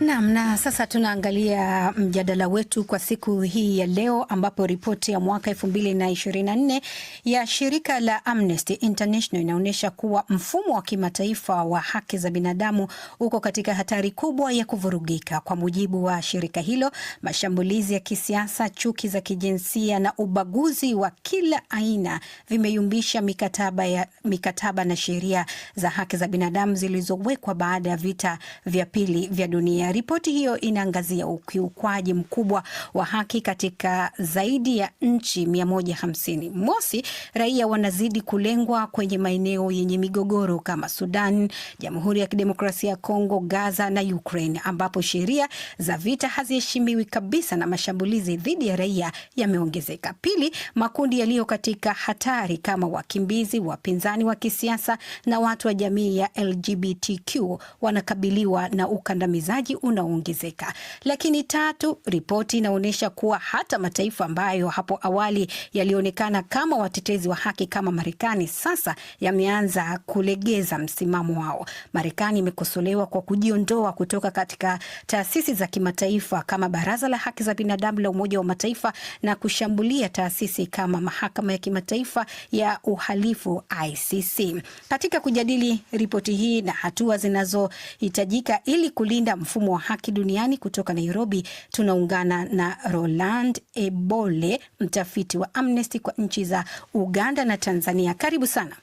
Naam, na sasa tunaangalia mjadala wetu kwa siku hii ya leo ambapo ripoti ya mwaka 2024 ya shirika la Amnesty International inaonyesha kuwa mfumo wa kimataifa wa haki za binadamu uko katika hatari kubwa ya kuvurugika. Kwa mujibu wa shirika hilo, mashambulizi ya kisiasa, chuki za kijinsia na ubaguzi wa kila aina vimeyumbisha mikataba ya, mikataba na sheria za haki za binadamu zilizowekwa baada ya vita vya pili vya dunia. Ripoti hiyo inaangazia ukiukwaji mkubwa wa haki katika zaidi ya nchi 150. Mosi, raia wanazidi kulengwa kwenye maeneo yenye migogoro kama Sudan, Jamhuri ya Kidemokrasia ya Kongo, Gaza na Ukraine, ambapo sheria za vita haziheshimiwi kabisa na mashambulizi dhidi ya raia yameongezeka. Pili, makundi yaliyo katika hatari kama wakimbizi, wapinzani wa kisiasa na watu wa jamii ya LGBTQ wanakabiliwa na ukandamizaji unaoongezeka. Lakini tatu, ripoti inaonyesha kuwa hata mataifa ambayo hapo awali yalionekana kama watetezi wa haki kama Marekani sasa yameanza kulegeza msimamo wao. Marekani imekosolewa kwa kujiondoa kutoka katika taasisi za kimataifa kama Baraza la Haki za Binadamu la Umoja wa Mataifa na kushambulia taasisi kama Mahakama ya Kimataifa ya Uhalifu ICC. Katika kujadili ripoti hii na hatua zinazohitajika ili kulinda mfumo wa haki duniani kutoka Nairobi, tunaungana na Roland Ebole, mtafiti wa Amnesty kwa nchi za Uganda na Tanzania. Karibu sana.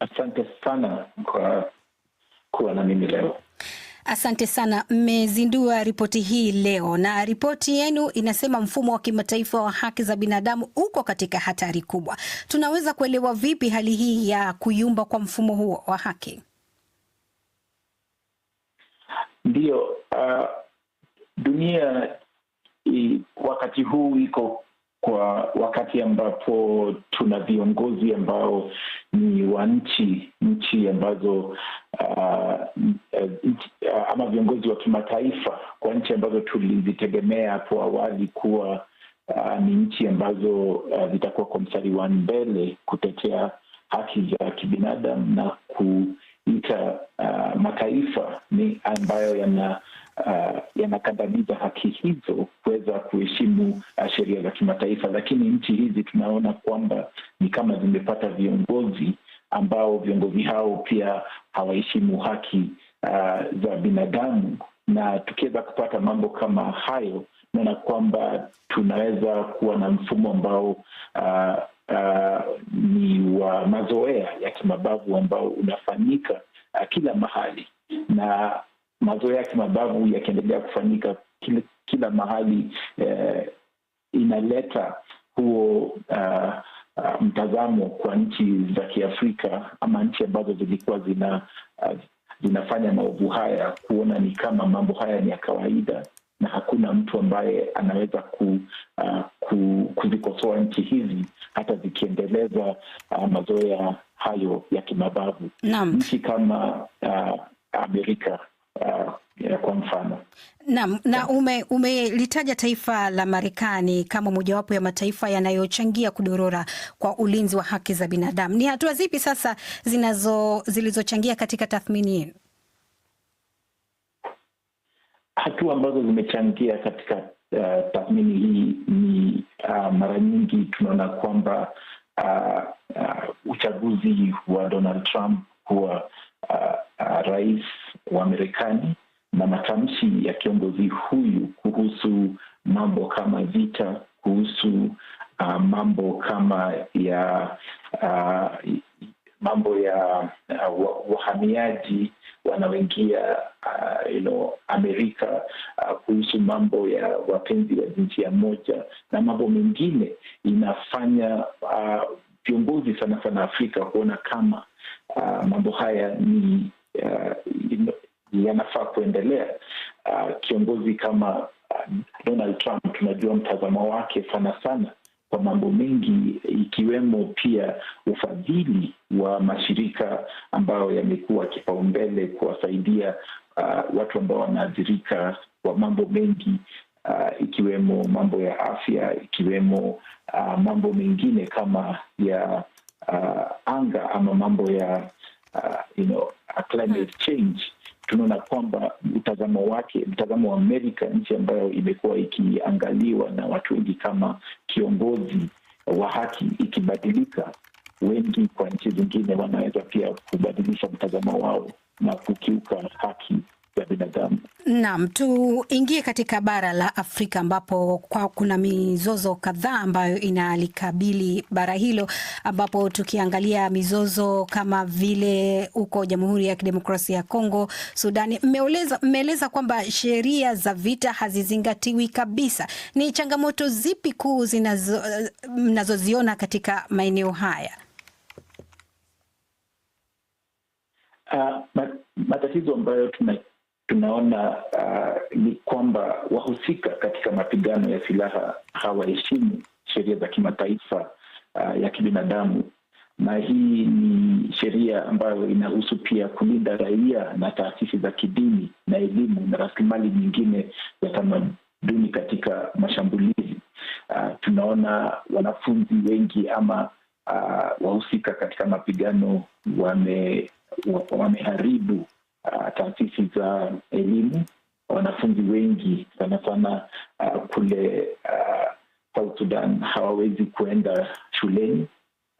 Asante sana kwa kuwa na mimi leo. Asante sana. Mmezindua ripoti hii leo na ripoti yenu inasema mfumo wa kimataifa wa haki za binadamu uko katika hatari kubwa. Tunaweza kuelewa vipi hali hii ya kuyumba kwa mfumo huo wa haki? Ndiyo, uh, ah, dunia i, wakati huu iko kwa wakati ambapo tuna viongozi ambao ni wa nchi nchi ambazo uh, uh, ama viongozi wa kimataifa kwa nchi ambazo tulizitegemea hapo awali kuwa uh, ni nchi ambazo uh, zitakuwa kwa mstari wa mbele kutetea haki za kibinadamu na ku nta uh, mataifa ni ambayo yana uh, yanakandamiza haki hizo kuweza kuheshimu uh, sheria za kimataifa, lakini nchi hizi tunaona kwamba ni kama zimepata viongozi ambao viongozi hao pia hawaheshimu haki uh, za binadamu, na tukiweza kupata mambo kama hayo, naona kwamba tunaweza kuwa na mfumo ambao uh, uh, ni wa mazoea ya kimabavu ambao unafanyika uh, kila mahali na mazoea ya kimabavu yakiendelea kufanyika kila, kila mahali uh, inaleta huo uh, uh, mtazamo kwa nchi za Kiafrika ama nchi ambazo zilikuwa zina uh, zinafanya maovu haya kuona ni kama mambo haya ni ya kawaida na hakuna mtu ambaye anaweza ku, uh, ku, kuzikosoa nchi hizi hata zikiendeleza uh, mazoea hayo ya kimabavu. Nchi kama uh, Amerika uh, kwa mfano naam. Na umelitaja taifa la Marekani kama mojawapo ya mataifa yanayochangia kudorora kwa ulinzi wa haki za binadamu. Ni hatua zipi sasa zinazo zilizochangia katika tathmini yenu? hatua ambazo zimechangia katika uh, tathmini hii ni uh, mara nyingi tunaona kwamba uh, uh, uchaguzi wa Donald Trump kuwa uh, uh, rais wa Marekani na matamshi ya kiongozi huyu kuhusu mambo kama vita, kuhusu uh, mambo kama ya uh, mambo ya uh, wahamiaji wanaoingia uh, you know, Amerika uh, kuhusu mambo ya wapenzi wa jinsia moja na mambo mengine inafanya uh, viongozi uh, sana sana Afrika kuona kama uh, mambo haya ni uh, yanafaa kuendelea. Uh, kiongozi kama uh, Donald Trump tunajua mtazamo wake sana sana kwa mambo mengi ikiwemo pia ufadhili wa mashirika ambayo yamekuwa kipaumbele kuwasaidia uh, watu ambao wanaathirika kwa mambo mengi uh, ikiwemo mambo ya afya, ikiwemo uh, mambo mengine kama ya uh, anga ama mambo ya uh, you know, climate hmm. change tunaona kwamba mtazamo wake, mtazamo wa Amerika, nchi ambayo imekuwa ikiangaliwa na watu wengi kama kiongozi wa haki, ikibadilika, wengi kwa nchi zingine wanaweza pia kubadilisha mtazamo wao na kukiuka haki binadamu. Naam, tuingie katika bara la Afrika ambapo kwa kuna mizozo kadhaa ambayo inalikabili bara hilo, ambapo tukiangalia mizozo kama vile huko Jamhuri ya Kidemokrasia ya Kongo, Sudani, mmeeleza kwamba sheria za vita hazizingatiwi kabisa. Ni changamoto zipi kuu mnazoziona katika maeneo haya? Uh, matatizo ambayo tuna tunaona uh, ni kwamba wahusika katika mapigano ya silaha hawaheshimu sheria za kimataifa uh, ya kibinadamu, na hii ni sheria ambayo inahusu pia kulinda raia na taasisi za kidini na elimu na rasilimali nyingine za tamaduni katika mashambulizi. Uh, tunaona wanafunzi wengi ama uh, wahusika katika mapigano wame, wameharibu uh, taasisi za elimu. Wanafunzi wengi sana sana uh, kule uh, South Sudan hawawezi kuenda shuleni.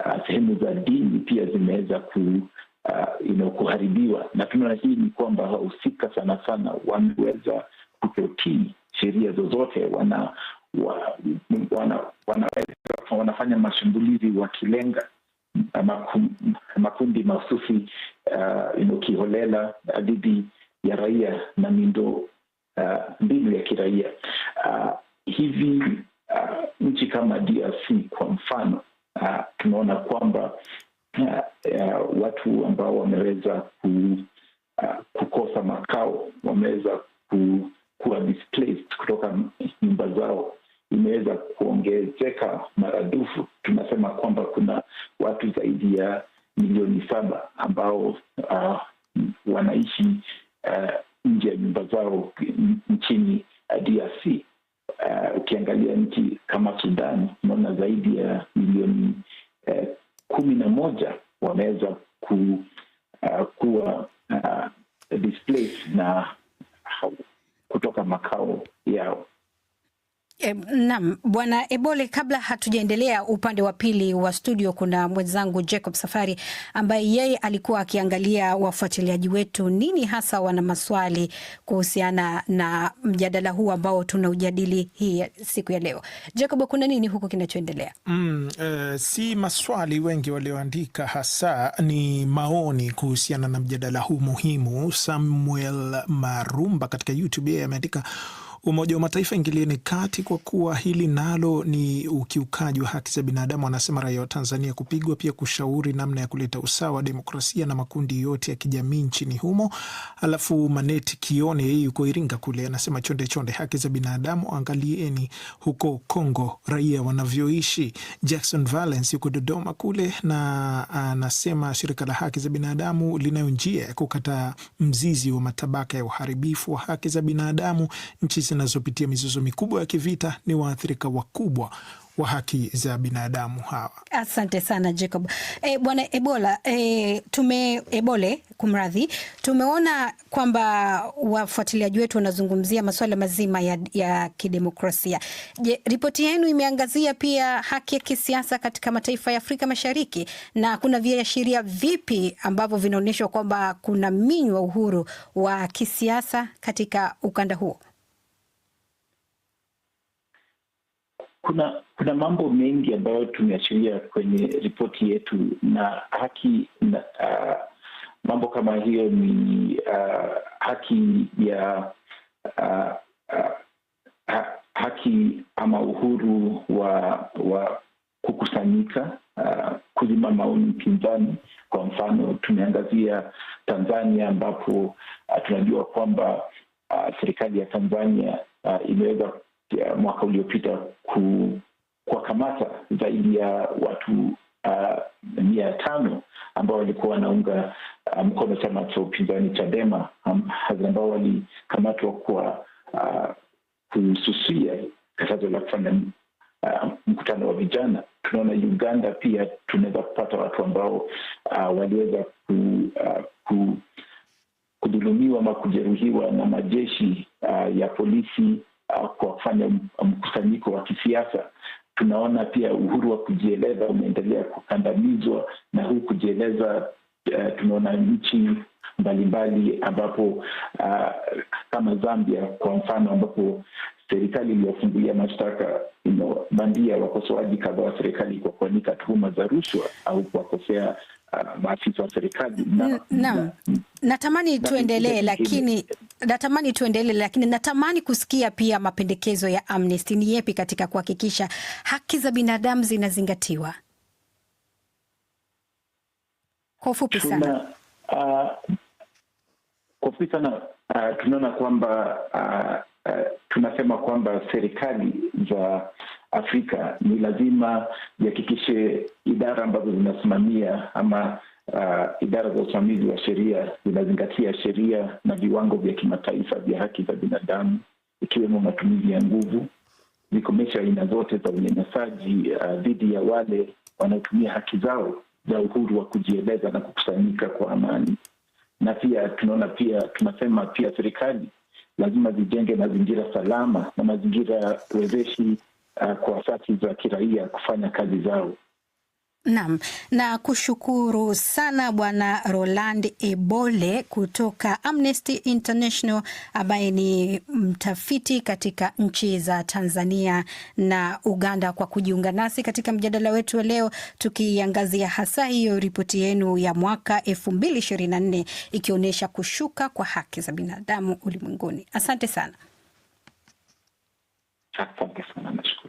Uh, sehemu za dini pia zimeweza ku, uh, ino, kuharibiwa, na tunaona hii ni kwamba wahusika sana sana wameweza kutotii sheria zozote wana, wa, wana, wana, wanafanya mashambulizi wakilenga makundi mahususi uh, kiholela uh, dhidi ya raia na miundo uh, mbinu ya kiraia uh, hivi uh, nchi kama DRC kwa mfano uh, tunaona kwamba uh, uh, watu ambao wameweza ku, uh, kukosa makao wameweza ku, kuwa displaced kutoka nyumba zao imeweza kuongezeka maradufu. Tunasema kwamba kuna watu zaidi ya milioni saba ambao uh, wanaishi uh, nje ya nyumba zao nchini DRC. Uh, ah, ukiangalia nchi kama Sudan unaona zaidi ya milioni uh, kumi na moja wameweza ku, uh, kuwa uh, displaced na kutoka makao E, naam Bwana Ebole, kabla hatujaendelea upande wa pili wa studio, kuna mwenzangu Jacob Safari ambaye yeye alikuwa akiangalia wafuatiliaji wetu, nini hasa wana maswali kuhusiana na mjadala huu ambao tunaujadili hii siku ya leo. Jacob, kuna nini huko kinachoendelea? Mm, e, si maswali wengi walioandika, hasa ni maoni kuhusiana na mjadala huu muhimu. Samuel Marumba katika YouTube yeye ameandika Umoja wa Mataifa ingilieni kati kwa kuwa hili nalo ni ukiukaji wa haki za binadamu, anasema raia wa Tanzania. Kupigwa pia kushauri namna ya kuleta usawa wa demokrasia na makundi yote ya kijamii nchini humo. Alafu Maneti Kione, yeye yuko Iringa kule, anasema chonde chonde, haki za binadamu, angalieni huko Kongo raia wanavyoishi. Jackson Valence yuko Dodoma kule na anasema shirika la haki za binadamu linayo njia ya kukata mzizi wa matabaka ya uharibifu wa haki za binadamu nchi zinazopitia mizozo mikubwa ya kivita ni waathirika wakubwa wa haki za binadamu hawa. Asante sana Jacob. E, bwana Ebola e, tume Ebole kumradhi, tumeona kwamba wafuatiliaji wetu wanazungumzia masuala mazima ya, ya kidemokrasia. Je, ripoti yenu imeangazia pia haki ya kisiasa katika mataifa ya Afrika Mashariki na kuna viashiria vipi ambavyo vinaonyeshwa kwamba kuna minywa uhuru wa kisiasa katika ukanda huo? kuna kuna mambo mengi ambayo tumeashiria kwenye ripoti yetu na haki na, uh, mambo kama hiyo ni uh, haki ya uh, uh, ha, haki ama uhuru wa wa kukusanyika uh, kuzima maoni mpinzani. Kwa mfano tumeangazia Tanzania ambapo uh, tunajua kwamba uh, serikali ya Tanzania uh, imeweza ya mwaka uliopita kuwakamata zaidi ya watu uh, mia tano ambao walikuwa wanaunga ah, mkono um, chama cha upinzani Chadema um, ambao walikamatwa kwa uh, kususia katazo la kufanya uh, mkutano wa vijana. Tunaona Uganda pia tunaweza kupata watu ambao uh, waliweza ku, uh, ku, kudhulumiwa ama kujeruhiwa na majeshi uh, ya polisi kwa kufanya mkusanyiko wa kisiasa. Tunaona pia uhuru wa kujieleza umeendelea kukandamizwa, na huu kujieleza uh, tunaona nchi mbalimbali ambapo uh, kama Zambia kwa mfano, ambapo serikali iliyofungulia mashtaka imebandia wakosoaji kadhaa wa serikali kwa kuanika tuhuma za rushwa au kuwakosea Uh, maafisa wa serikali naam, natamani tuendelee, lakini natamani tuendelee, lakini natamani kusikia pia mapendekezo ya Amnesty ni yepi katika kuhakikisha haki za binadamu zinazingatiwa kwa ufupi sana? Uh, kwa ufupi sana uh, tunaona kwamba uh, uh, tunasema kwamba serikali za Afrika ni lazima zihakikishe idara ambazo zinasimamia ama uh, idara za usimamizi wa sheria zinazingatia sheria na viwango vya kimataifa vya haki za binadamu ikiwemo matumizi ya nguvu, zikomesha aina zote za unyanyasaji uh, dhidi ya wale wanaotumia haki zao za uhuru wa kujieleza na kukusanyika kwa amani. Na pia tunaona pia tunasema pia serikali lazima zijenge mazingira salama na mazingira wezeshi uh, kwa asasi za kiraia kufanya kazi zao. Naam, na kushukuru sana Bwana Roland Ebole kutoka Amnesty International ambaye ni mtafiti katika nchi za Tanzania na Uganda kwa kujiunga nasi katika mjadala wetu wa leo, tukiangazia hasa hiyo ripoti yenu ya mwaka 2024 ikionyesha kushuka kwa haki za binadamu ulimwenguni. Asante sana. Asante sana.